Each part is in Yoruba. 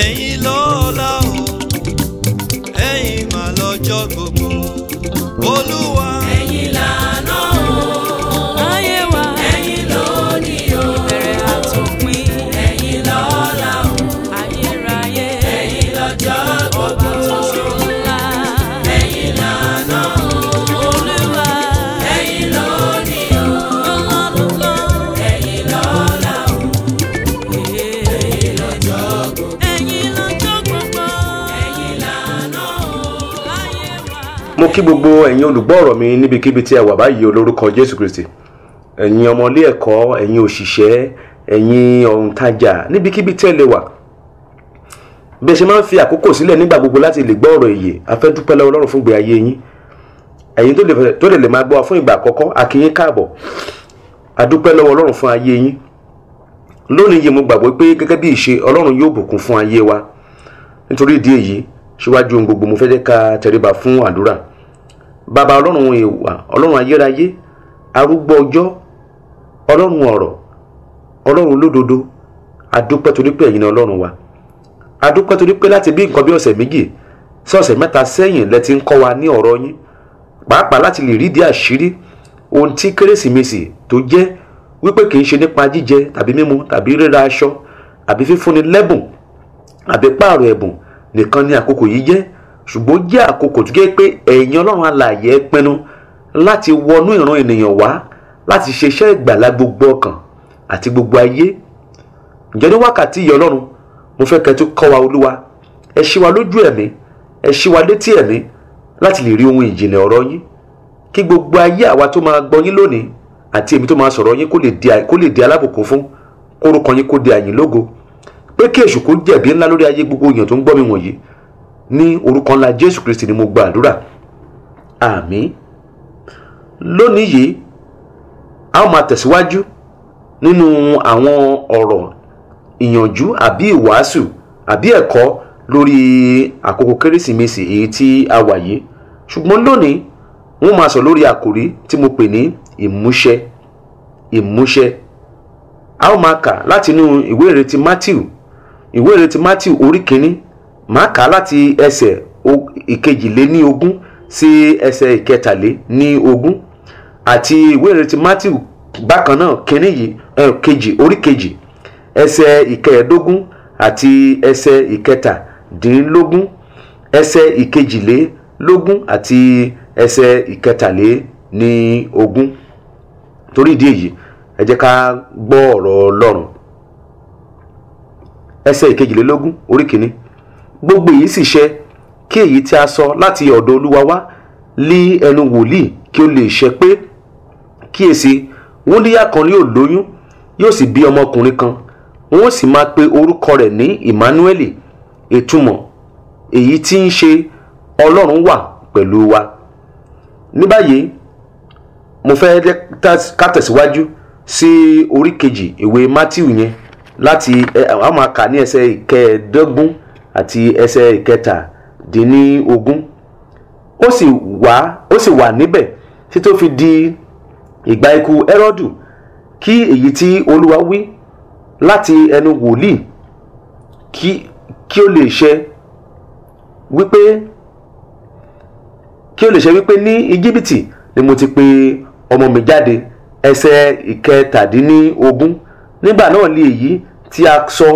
ẹ̀yin lọ́la o ẹ̀yin mà lọ́jọ́ gbogbo olúwa. mo kí gbogbo ẹ̀yin olùgbọ́ ọ̀rọ̀ mi níbikíbi tí ẹ wà báyìí olórúkọ jésù kristi ẹ̀yin ọmọlé ẹ̀kọ́ ẹ̀yin òṣìṣẹ́ ẹ̀yin òǹtajà níbikíbi tí ẹ lè wà bí ẹ ṣe máa ń fi àkókò sílẹ̀ nígbà gbogbo láti lè gbọ́ ọ̀rọ̀ èyí a fẹ́ dúpẹ́ lọ́wọ́ ọlọ́run fún gbé ayé yín ẹ̀yin tó lè lè máa gbọ́ wa fún ìgbà àkọ́kọ́ a káàbọ̀ a lọ́wọ́ ọlọ́run fún ayé yín lónìí yìí mo gbàgbọ́ pé gẹ́gẹ́ bí ìṣe ọlọ́run yóò bùkún fún ayé wa nítorí ìdí èyí síwájú ohun gbogbo mo fẹ́ jẹ́ ká tẹríba fún àdúrà bàbá ọlọ́run èèwà ọlọ́run ayérayé arúgbó ọjọ́ ọlọ́run ọ̀rọ̀ ọlọ́run lódodo adúpẹ́ torí pé ẹ̀yin ọlọ́run wa adúpẹ́ torí pé láti bí nǹkan bí ọ̀sẹ̀ méjì sí ọ̀sẹ̀ mẹ́ta sẹ́yìn lẹ ti ń kọ́ wa ní ọ̀rọ̀ yín pàápàá láti lè rídìí àṣírí ohun tí kérésìmesì tó jẹ́ wípé kì í ṣe nípa jíjẹ tàbí mímu tàbí ríra aṣọ àbí fífúnni lẹ́bùn àbí pààrọ̀ ẹ̀bùn nìkan ni àkókò yìí jẹ́ ṣùgbọ́n jẹ́ àkókò tó jẹ́ pé ẹ̀yin ọlọ́run alààyè pinnu láti wọnú ìran ènìyàn wá láti ṣe iṣẹ́ ìgbàlá gbogbo ọkàn àti gbogbo ayé ǹjẹ́ ní wákàtí yìí ọlọ́run mo fẹ́ kẹ́ tó kọ́ wa olúwa ẹ ṣí wa lójú ẹ̀mí ẹ ṣí wa létí ẹ̀mí láti lè rí ohun ìjìnlẹ̀ ọ̀rọ̀ yín kí gbogbo ayé àwa tó máa gbọ́ yín lónìí àti èmi tó máa sọ̀rọ̀ yín kó lè di alábùkún fún kórúkọ yín kó di àyìn pé kí èṣù kó jẹ̀bi ńlá lórí ayé gbogbo èèyàn tó ń gbọ́ mi wọ̀nyí ní orúkọ ńlá jésù kristi ni mo gba àdúrà àmín lónìí yìí a ó máa tẹ̀síwájú nínú àwọn ọ̀rọ̀ ìyànjú àbí ìwàásù àbí ẹ̀kọ́ lórí àkókò kérésìmesì èyí tí a wà yìí ṣùgbọ́n lónìí wọ́n máa sọ lórí àkòrí tí mo pè ní ìmúṣẹ ìmúṣẹ a ó máa kà látinú ìwé ìrètí matthew ìwé ìrètí matthew orí kìíní màá kà á láti ẹsẹ̀ ìkejìléní ogún sí ẹsẹ̀ ìkẹtàléní ogún àti ìwé ìrètí Matthew bákan náà kínní yìí kejì orí kejì ẹsẹ̀ ìkẹẹ̀ẹ́dógún àti ẹsẹ̀ ìkẹtàdínlógún ẹsẹ̀ ìkejìlélógún àti ẹsẹ̀ ìkẹtàléní ogún torí ìdí èyí ẹ jẹ́ ká gbọ́ ọ̀rọ̀ Ọlọ́run ẹsẹ̀ ìkejìlélógún orí kìíní gbogbo èyí sì ṣẹ kí èyí tí a sọ láti ọ̀dọ̀ olúwa wá lí ẹnu wòlíì kí ó lè ṣẹ pé kíyèsí wúndíyà kan yóò lóyún yóò sì bí ọmọkùnrin kan wọn sì máa pe orúkọ rẹ̀ ní Emmanueli ìtumọ̀ èyí tí ń ṣe ọlọ́run wà pẹ̀lú wa ní báyìí mo fẹ́ ká tẹ̀síwájú sí orí kejì ìwé Mátíù yẹn láti a máa kà ní ẹsẹ̀ ìkẹẹ̀ẹ́dógún àti ẹsẹ̀ ìkẹta dín ní ogún ó sì wà ó sì wà níbẹ̀ tí tó fi di ìgbà ikú Hẹ́rọ́dù kí èyí tí Olúwa wí láti ẹnu wòlíì kí kí ó lè ṣe wípé kí ó lè ṣe wípé ní Íjíbítì ni mo ti pe ọmọ mi jáde ẹsẹ̀ ìkẹtàdínní ogún nígbà náà lè èyí tí a sọ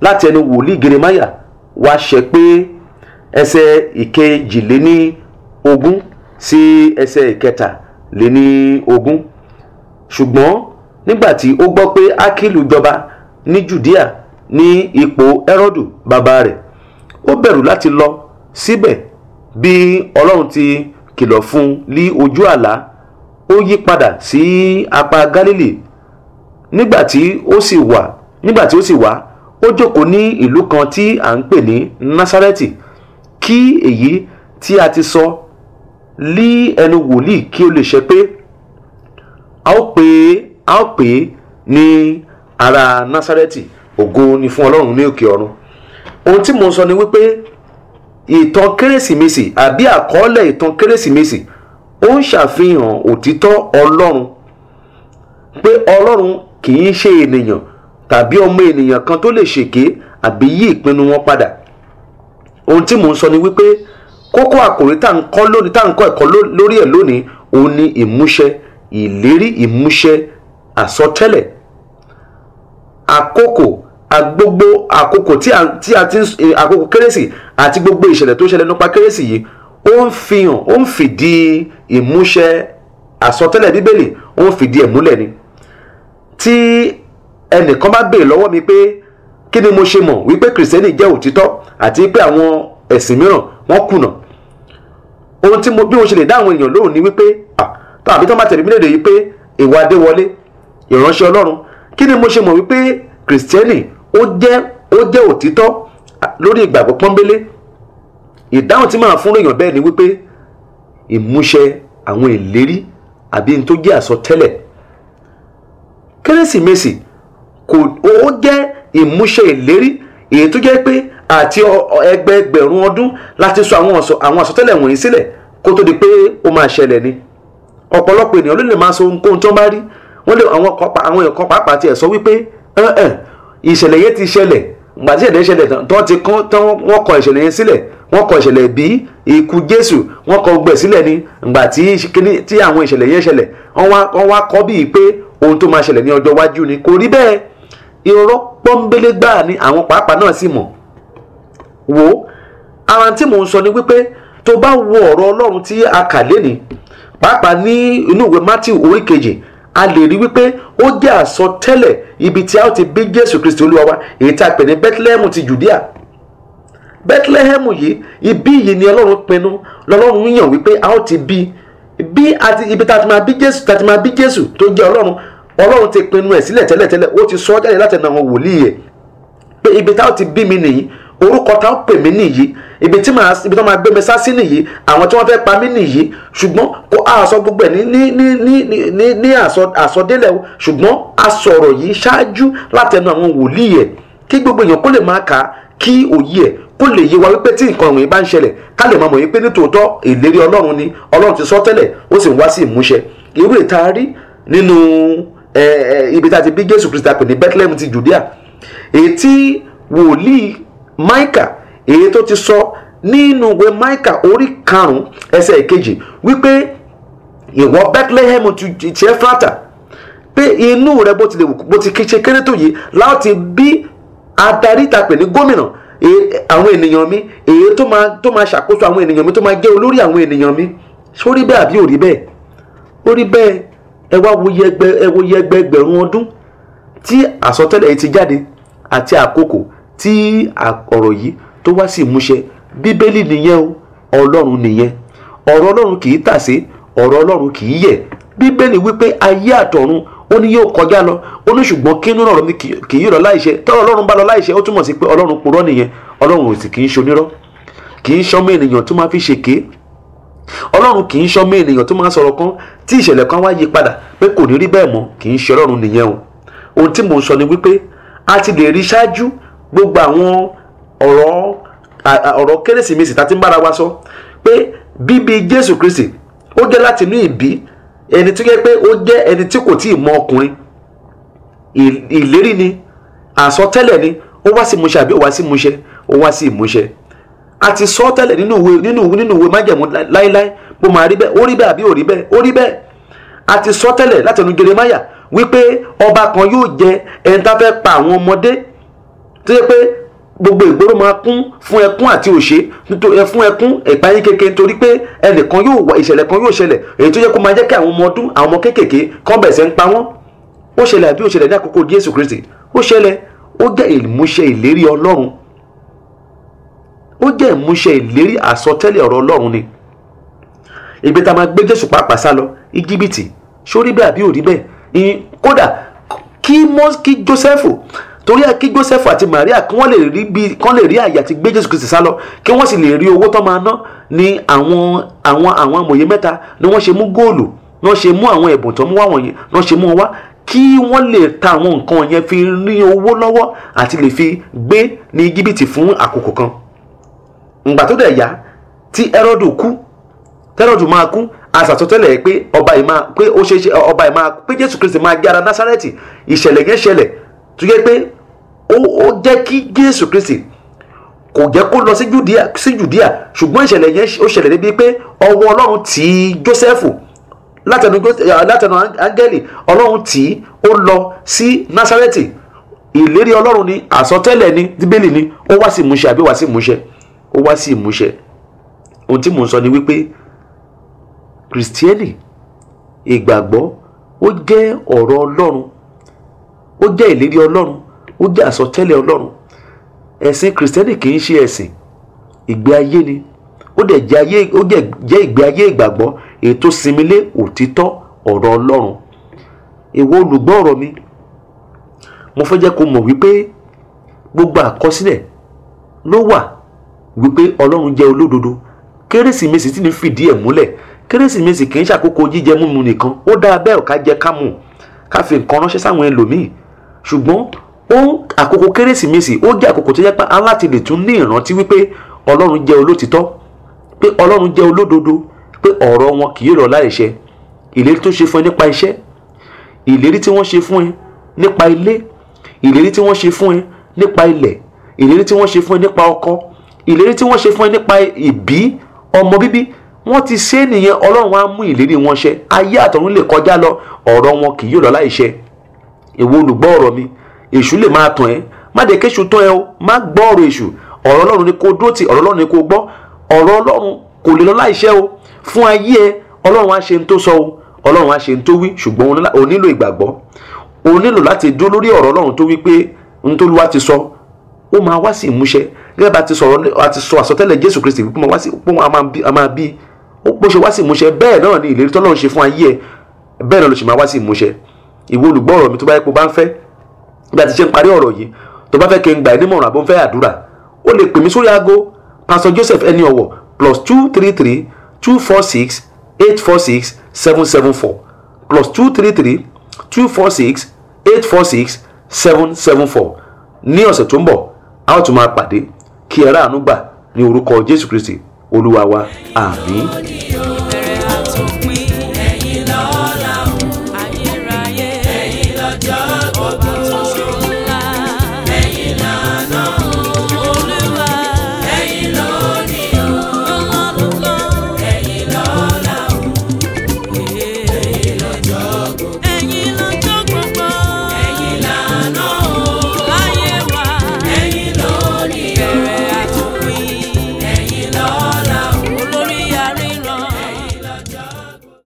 láti ẹnu wòlíì Jeremáyà wá ṣe pé ẹsẹ̀ ìkejìléní ogún sí ẹsẹ̀ ìkẹtàléní ogún ṣùgbọ́n nígbà tí ó gbọ́ pé Ákílù jọba ní Jùdíà ní ipò Hẹ́rọ́dù bàbá rẹ̀ ó bẹ̀rù láti lọ síbẹ̀ bí Ọlọ́run ti kìlọ̀ fún un lí ojú àlá ó yí padà sí apá Gálílì nígbà ó sì wà nígbà ó sì wà ó jókòó ní ìlú kan tí à ń pè ní Násárẹ́tì kí èyí tí a ti sọ lí ẹnu wòlíì kí ó lè ṣẹ pé a ó pè a ó pè ní ará Násárẹ́tì ògo ni fún Ọlọ́run ní òkè ọ̀run ohun tí mo ń sọ ni wípé ìtàn kérésìmesì àbí àkọọ́lẹ̀ ìtàn kérésìmesì ó ń ṣàfihàn òtítọ́ Ọlọ́run pé Ọlọ́run kì í ṣe ènìyàn tàbí ọmọ ènìyàn kan tó lè ṣèké àbí yí ìpinnu wọn padà ohun tí mò ń sọ ni wípé kókó àkòrí tá à ń kọ́ lónìí tá à ń kọ́ ẹ̀kọ́ lórí ẹ̀ lónìí òun ni ìmúṣẹ ìlérí ìmúṣẹ àsọtẹ́lẹ̀ àkókò agbogbo àkókò tí a ti eh, àkókò kérésì àti gbogbo ìṣẹ̀lẹ̀ tó ṣẹlẹ̀ nípa kérésì yìí ó ń fihàn ó ń fìdí ìmúṣẹ àsọtẹ́lẹ̀ bíbélì ó ń fìdí ẹ̀ ni tí ẹnìkan bá béèrè lọ́wọ́ mi pé kí ni mo ṣe mọ̀ wípé kìrìsìtẹ́nì jẹ́ òtítọ́ àti pé àwọn ẹ̀sìn mìíràn wọ́n kùnà ohun tí mo bí mo ṣe lè dá àwọn èèyàn lóhùn ni wípé tàbí tó bá tẹ̀lé mi léde yìí pé ìwà adéwọlé ìránṣẹ́ ọlọ́run kí ni mo ṣe mọ̀ wípé kìrìsìtẹ́nì ó jẹ́ ó jẹ́ òtítọ́ lórí ìgbàgbọ́ pọ́nbélé ìdáhùn tí màá fún èèyàn bẹ́ẹ̀ ni wípé ìmúṣẹ àwọn ìlérí àbí n tó jẹ́ àsọtẹ́lẹ̀ kérésìmesì kò ó jẹ́ ìmúṣẹ ìlérí èyí tó jẹ́ pé àti ẹgbẹẹgbẹ̀rún ọdún láti sọ àwọn àsọtẹ́lẹ̀ wọ̀nyí sílẹ̀ kó tó di pé ó máa ṣẹlẹ̀ ni ọ̀pọ̀lọpọ̀ ènìyàn ló lè máa sọ ohunkóhun tó ń bá rí wọ́n lè àwọn èèyàn kan pàápàá tiẹ̀ sọ wípé ìṣẹ̀lẹ̀ yẹn ti ṣẹlẹ̀ gbàtí ẹ̀dẹ̀ ṣẹlẹ̀ tó ti kán tán wọ́n kọ ìṣẹ̀lẹ̀ yẹn sílẹ̀ wọ́n kọ ìṣẹ̀lẹ̀ bí ikú Jésù wọ́n kọ gbẹ̀ sílẹ̀ ni gbàtí tí àwọn ìṣẹ̀lẹ̀ yẹn ṣẹlẹ̀ wọ́n wá kọ́ bíi pé ohun tó máa ṣẹlẹ̀ ní ọjọ́ iwájú ni kò rí bẹ́ẹ̀ irọ́ pọ́ńbélé gbáà ni àwọn pàápàá náà sì mọ̀ wò ó ara tí mò ń sọ ni wípé tó bá wo ọ̀rọ̀ ọlọ́run tí a kà léni pàápàá ní inú ìwé matthew orí kejì a lè rí wípé ó jẹ́ àsọtẹ́lẹ̀ ibi tí a ó ti bí jésù kristi olúwa wa èyí tá a pè ní bethlehem ti judea bethlehem yìí ibi yìí ni ọlọ́run pinnu lọ́lọ́run yàn wípé a ó ti bí bí ibi tá a ti máa bí jésù tá a ti máa bí jésù tó jẹ́ ọlọ́run ọlọ́run ti pinnu ẹ̀ sílẹ̀ tẹ́lẹ̀tẹ́lẹ̀ ó ti sọ ọ́ jáde látẹnu àwọn wòlíì ẹ̀ pé ibi táwọn ti bí mi nìyí orúkọ táwọn pè mí nìyí ibi tí màá ibi tí wọ́n máa gbé mi sá sí nìyí àwọn tí wọ́n fẹ́ pa mí nìyí ṣùgbọ́n kò àsọ gbogbo ẹ̀ ní ní ní ní ní ní àsọdélẹ̀ o ṣùgbọ́n àsọ̀rọ̀ yìí ṣáájú látẹnu àwọn wòlíì ẹ̀ kí gbogbo èèyàn kó lè máa kà á kí òye ẹ̀ kó lè yé wa wípé tí nǹkan ìwọ̀nyí bá ń ṣẹlẹ̀ ká lè máa mọ̀ wípé nítòótọ́ ìlérí ọlọ́run ni ọlọ́run ti sọ tẹ́lẹ̀ ó sì ń wá sí ìmúṣẹ Eh, eh, ibi tá a ti bí jésù kristi àpè ní bethlehem ti judea èyí tí wòlíì maika èyí tó ti sọ nínú ìwé maika orí karùn-ún ẹsẹ̀ ìkejì wípé ìwọ bethlehem ti ti efrata pé inú rẹ bó ti lè wù bó ti ṣe kéré tó yìí láti bí adarí tá a pè ní gómìnà e, àwọn ènìyàn mi èyí tó máa tó máa ṣàkóso àwọn ènìyàn mi tó máa jẹ́ olórí àwọn ènìyàn mi sórí bẹ́ẹ̀ àbí ò rí bẹ́ẹ̀ ó bẹ́ẹ̀ ẹ wá wo yẹgbẹ ẹ wo yẹgbẹ ẹgbẹ̀rún ọdún tí àsọtẹ́lẹ̀ yìí ti jáde àti àkókò tí ọ̀rọ̀ yìí tó wá sí ìmúṣẹ bíbélì nìyẹn o ọlọ́run nìyẹn ọ̀rọ̀ ọlọ́run kì í tàsé ọ̀rọ̀ ọlọ́run kì í yẹ̀ bíbélì wípé ayé àtọ̀run ó ní yóò kọjá lọ ó ní ṣùgbọ́n kí nínú ọ̀rọ̀ mi kì í lọ láìṣẹ tọ́rọ̀ ọlọ́run bá lọ láìṣẹ ó túmọ̀ sí pé ọlọ́run purọ́ nìyẹn ọlọ́run ò sì kì í ṣonírọ́ kì í ṣọmọ ènìyàn tó máa fi ṣèké ọlọ́run kì í ṣọmọ ènìyàn tó máa sọ̀rọ̀ kan tí ìṣẹ̀lẹ̀ kan wá yí padà pé kò ní rí bẹ́ẹ̀ mọ́ kì í ṣe ọlọ́run nìyẹn o ohun tí mò ń sọ ni wípé a ti lè rí ṣáájú gbogbo àwọn ọ̀rọ̀ ọ̀rọ̀ kérésìmesì tá a ti ń bára wa sọ pé bíbí jésù kristi ó jẹ́ láti inú ìbí ẹni tó yẹ pé ó jẹ́ ẹni tí kò tíì mọ ọkùnrin ìlérí ni àsọtẹ́lẹ̀ ni ó wá sí ìmúṣẹ àbí ó wá sí ìmúṣẹ ó wá sí ìmúṣẹ a ti sọ tẹ́lẹ̀ nínú ìwé nínú ìwé nínú ìwé májẹ̀mú láíláí bó máa rí bẹ́ẹ̀ ó rí bẹ́ẹ̀ àbí ò rí bẹ́ẹ̀ ó rí bẹ́ẹ̀ a ti sọ tẹ́lẹ̀ láti ẹnu Jeremáyà wípé ọba kan yóò jẹ ẹni tá fẹ́ pa àwọn ọmọdé tó yẹ pé gbogbo ìgboro máa kún fún ẹkún àti òṣè fún ẹkún ìpayín kékeré nítorí pé ẹnìkan yóò wá ìṣẹ̀lẹ̀ kan yóò ṣẹlẹ̀ èyí tó yẹ kó máa jẹ́ kí àwọn ọmọ ọdún àwọn ọmọ kéékèèké kan bẹ̀rẹ̀ ń pa wọ́n ó ṣẹlẹ̀ àbí ó ṣẹlẹ̀ ní àkókò Jésù Kristi ó ṣẹlẹ̀ ó jẹ́ ìmúṣẹ ìlérí Ọlọ́run ó jẹ́ ìmúṣẹ ìlérí àsọtẹ́lẹ̀ ọ̀rọ̀ ọlọ́run ni ìgbé tá a máa gbé jésù pàápàá sá lọ íjíbítì ṣó rí bẹ́ẹ̀ àbí ò rí bẹ́ẹ̀ kódà kí mọ́ kí jósẹ́fù torí ẹ kí joseph àti maria kí wọ́n lè rí bí kán lè rí àyè àti gbé jésù kristi sá lọ kí wọ́n sì lè rí owó tó máa ná ní àwọn àwọn àwọn amòye mẹ́ta ni wọ́n ṣe mú góòlù ni wọ́n ṣe mú àwọn ẹ̀bùn tó mú wá wọ̀nyí ni wọ́n ṣe mú wọn wá kí wọ́n lè ta àwọn nǹkan yẹn fi rí owó lọ́wọ́ àti lè fi gbé ní jìbìtì fún àkókò kan ǹgbà tó dẹ̀ yá tí ẹrọ́dù kú tẹrọ́dù máa kú asàtúntẹ́lẹ̀ pé ọba yìí máa pé ó ṣe ọba yìí máa pé jésù kristi máa gbé ara násárẹ́tì ìṣẹ̀lẹ̀ yẹn ṣẹlẹ̀ tó yẹ pé ó jẹ́ kí jésù kristi kò jẹ́ kó lọ sí judea sí judea ṣùgbọ́n ìṣẹ̀lẹ̀ yẹn ó ṣẹlẹ̀ débi pé ọwọ́ ọlọ́run tì í látẹnu eh, látẹnu áńgẹ́lì ọlọ́run tì ó lọ sí násárẹ́tì ìlérí ọlọ́run ni àsọtẹ́lẹ̀ ni bíbélì ni ó wá sí ìmúṣẹ àbí wá sí ìmúṣẹ ó wá sí ìmúṣẹ ohun tí mò ń sọ ni wípé kìrìsìtíẹ́nì ìgbàgbọ́ ó jẹ́ ọ̀rọ̀ ọlọ́run ó jẹ́ ìlérí ọlọ́run ó jẹ́ àsọtẹ́lẹ̀ ọlọ́run ẹ̀sìn kìrìsìtẹ́nì kì í ṣe ẹ̀sìn ìgbé ayé ni ó dẹ̀ jẹ́ ayé ó ìgbé ayé ìgbàgbọ́ èyí tó òtítọ́ ọ̀rọ̀ ọlọ́run ìwọ olùgbọ́ ọ̀rọ̀ mi mo fẹ́ jẹ́ kó mọ̀ wípé gbogbo àkọsílẹ̀ ló wà wípé ọlọ́run jẹ́ olódodo kérésìmesì tí ní fìdí ẹ̀ múlẹ̀ kérésìmesì kì í ṣàkókò jíjẹ múmu nìkan ó dáa bẹ́ẹ̀ ká jẹ ká mu ká fi nǹkan ránṣẹ́ sáwọn ẹlòmíì ṣùgbọ́n ó àkókò kérésìmesì ó jẹ́ àkókò tó yẹ pé aláti lè tún ní ìrántí wípé ọlọ́run jẹ́ olótìtọ́ pé ọlọ́run jẹ́ olódodo pé ọ̀rọ̀ wọn kì í rọ̀ láìṣẹ ìlérí tó ṣe fún ẹ nípa iṣẹ́ ìlérí tí wọ́n ṣe fún ẹ nípa ilé ìlérí tí wọ́n ṣe fún ẹ nípa ilẹ̀ ìlérí tí wọ́n ṣe fún ẹ nípa ọkọ ìlérí tí wọ́n ṣe fún ẹ nípa ìbí ọmọ bíbí wọ́n ti ṣe é nìyẹn ọlọ́run wa mú ìlérí wọn ṣẹ ayé àtọ̀run lè kọjá lọ ọ̀rọ̀ wọn kì yóò lọ láìṣẹ èwo olùgbọ́ ọ̀rọ̀ mi èṣù lè máa tàn ẹ́ má dé kéṣù tán ẹ o má gbọ́ ọ̀rọ̀ èṣù ọ̀rọ̀ ọlọ́run ni kò dúró tì ọ̀rọ̀ ọlọ́run ni kò gbọ́ ọ̀rọ̀ ọlọ́run kò lè lọ láìṣẹ o fún ayé ẹ ọlọ́run á ṣe ń tó sọ o ọlọ́run á ṣe ń tó wí ṣùgbọ́n o nílò ìgbàgbọ́ o nílò láti dúró lórí ọ̀rọ̀ ọlọ́run tó wí pé n tó lu wa ti sọ ó máa wá sí ìmúṣẹ gẹ́gẹ́ bá ti sọ̀rọ̀ àti sọ àsọtẹ́lẹ̀ Jésù Kristi wípé mo wá sí pé wọn a máa bí bó ṣe wá sí ìmúṣẹ bẹ́ẹ̀ náà ni ìlérí tọ́lọ́run ṣe fún ayé ẹ bẹ́ẹ̀ náà ló ṣe máa wá sí ìmúṣẹ ìwọ olùgbọ́ ọ̀rọ̀ mi tó bá yẹ kó bá ń fẹ́ bí a ti ṣe ń parí ọ̀rọ̀ yìí tó bá fẹ́ kí n gbà ẹ́ nímọ̀ràn àbó ń fẹ́ àdúrà ó lè pè mí sórí aago Pastor Joseph ẹni ọ̀wọ̀ plus two three three two four six eight four six seven seven four plus two three three two four six eight four six seven seven four ní ọ̀sẹ̀ tó ń bọ̀ a ó tún máa pàdé kí ẹ ráàánú gbà ní orúkọ Jésù Kristi olúwa wa àmín.